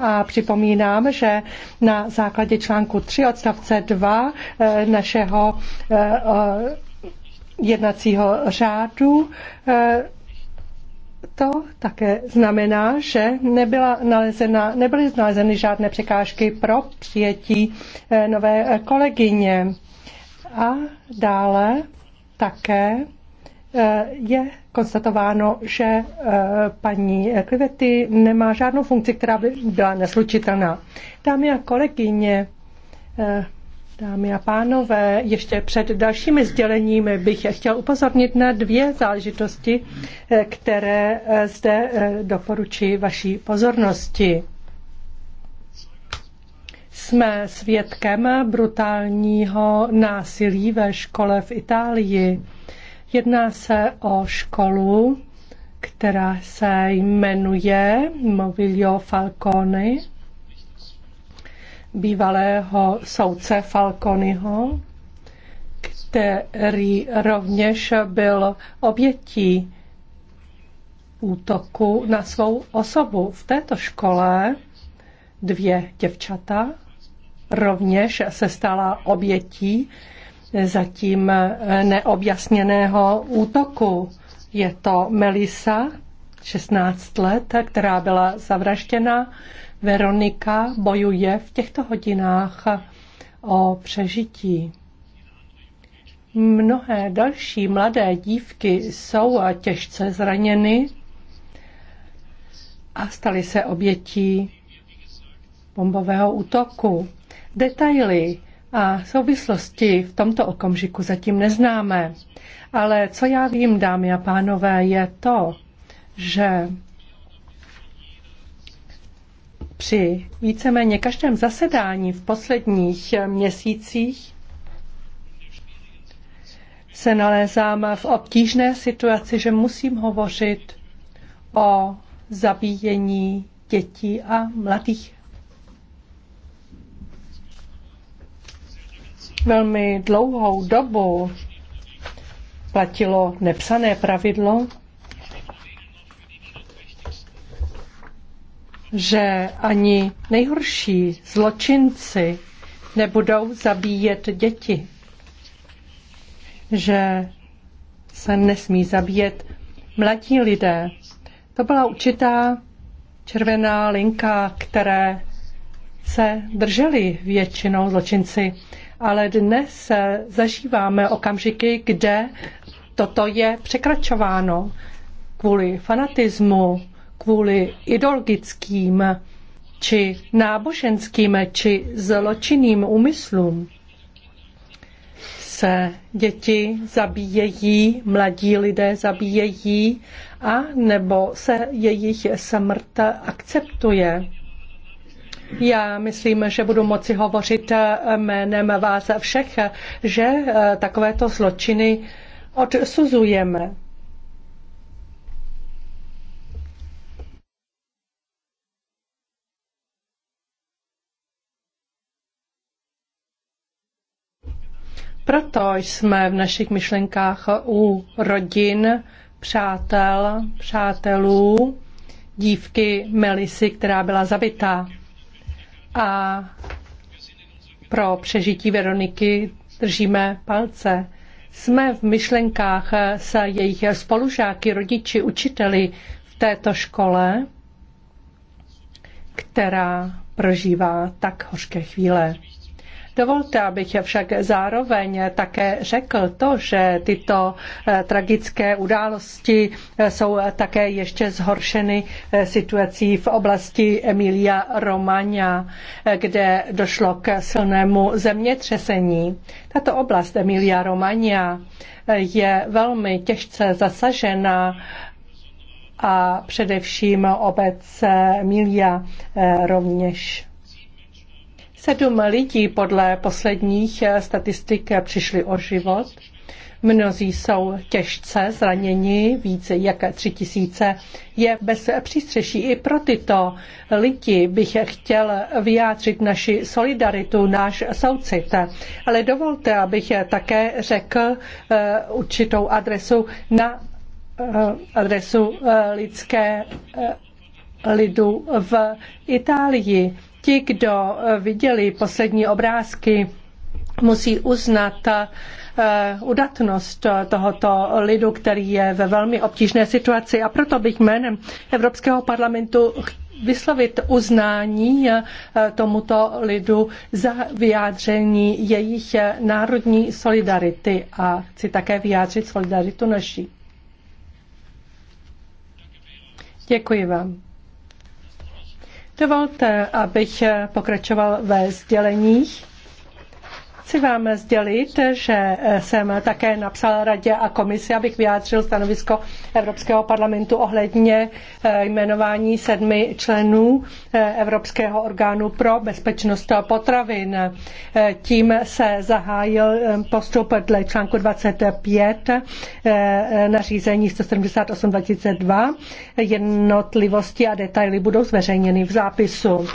a připomínám, že na základě článku 3 odstavce 2 eh, našeho eh, jednacího řádu eh, to také znamená, že nebyla nalezena, nebyly znalezeny žádné překážky pro přijetí nové kolegyně. A dále také Eh, je konstatováno, že eh, paní Klivety nemá žádnou funkci, která by byla neslučitelná. Dámy a kolegyně, eh, Dámy a pánové, ještě před dalšími sděleními bych chtěl upozornit na dvě záležitosti, které zde doporučí vaší pozornosti. Jsme svědkem brutálního násilí ve škole v Itálii. Jedná se o školu, která se jmenuje Movilio Falcone, bývalého soudce Falconiho, který rovněž byl obětí útoku na svou osobu. V této škole dvě děvčata rovněž se stala obětí zatím eh, neobjasněného útoku. Je to Melisa, 16 let, která byla zavražděna. Veronika bojuje v těchto hodinách o přežití. Mnohé další mladé dívky jsou těžce zraněny a staly se obětí bombového útoku. Detaily a souvislosti v tomto okamžiku zatím neznáme. Ale co já vím, dámy a pánové, je to, že při víceméně každém zasedání v posledních měsících se nalézám v obtížné situaci, že musím hovořit o zabíjení dětí a mladých velmi dlouhou dobu platilo nepsané pravidlo, že ani nejhorší zločinci nebudou zabíjet děti, že se nesmí zabíjet mladí lidé. To byla určitá červená linka, které se drželi většinou zločinci ale dnes eh, zažíváme okamžiky, kde toto je překračováno kvůli fanatismu, kvůli ideologickým či náboženským či zločinným úmyslům se děti zabíjejí, mladí lidé zabíjejí a nebo se jejich smrt akceptuje. Já myslím, že budu moci hovořit eh, jménem vás všech, že eh, takovéto zločiny odsuzujeme. Proto jsme v našich myšlenkách u rodin, přátel, přátelů, dívky Melisy, která byla zabitá a pro přežití Veroniky držíme palce. Jsme v myšlenkách s jejich spolužáky, rodiči, učiteli v této škole, která prožívá tak hořké chvíle. Dovolte, abych však zároveň také řekl to, že tyto eh, tragické události eh, jsou také ještě zhoršeny eh, situací v oblasti Emilia Romagna, kde došlo k silnému zemětřesení. Tato oblast Emilia Romagna je velmi těžce zasažena a především obec Emilia rovněž Sedm lidí podle posledních eh, statistik eh, přišli o život. Mnozí jsou těžce zraněni, více jak tři tisíce je bez přístřeší. I pro tyto lidi bych chtěl vyjádřit naši solidaritu, náš soucit. Ale dovolte, abych také řekl eh, určitou adresu na adresu lidské lidu v Itálii. Ti, kdo eh, viděli poslední obrázky, musí uznat eh, udatnost eh, tohoto lidu, který je ve velmi obtížné situaci. A proto bych jménem Evropského parlamentu vyslovit uznání tomuto lidu za vyjádření jejich národní solidarity a chci také vyjádřit solidaritu naší. Děkuji vám. Dovolte, abych pokračoval ve sděleních. Chci vám sdělit, že eh, jsem také napsala radě a komisi, abych vyjádřil stanovisko Evropského parlamentu ohledně eh, jmenování sedmi členů eh, Evropského orgánu pro bezpečnost potravin. Tím se zahájil postup dle článku 25 nařízení 178 2002. Jednotlivosti a detaily budou zveřejněny v zápisu.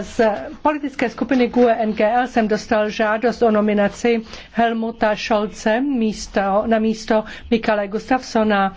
Z politické skupiny GUE NGL jsem dostal žádost o nominaci Helmuta Scholze místo, na místo Mikale Gustafsona.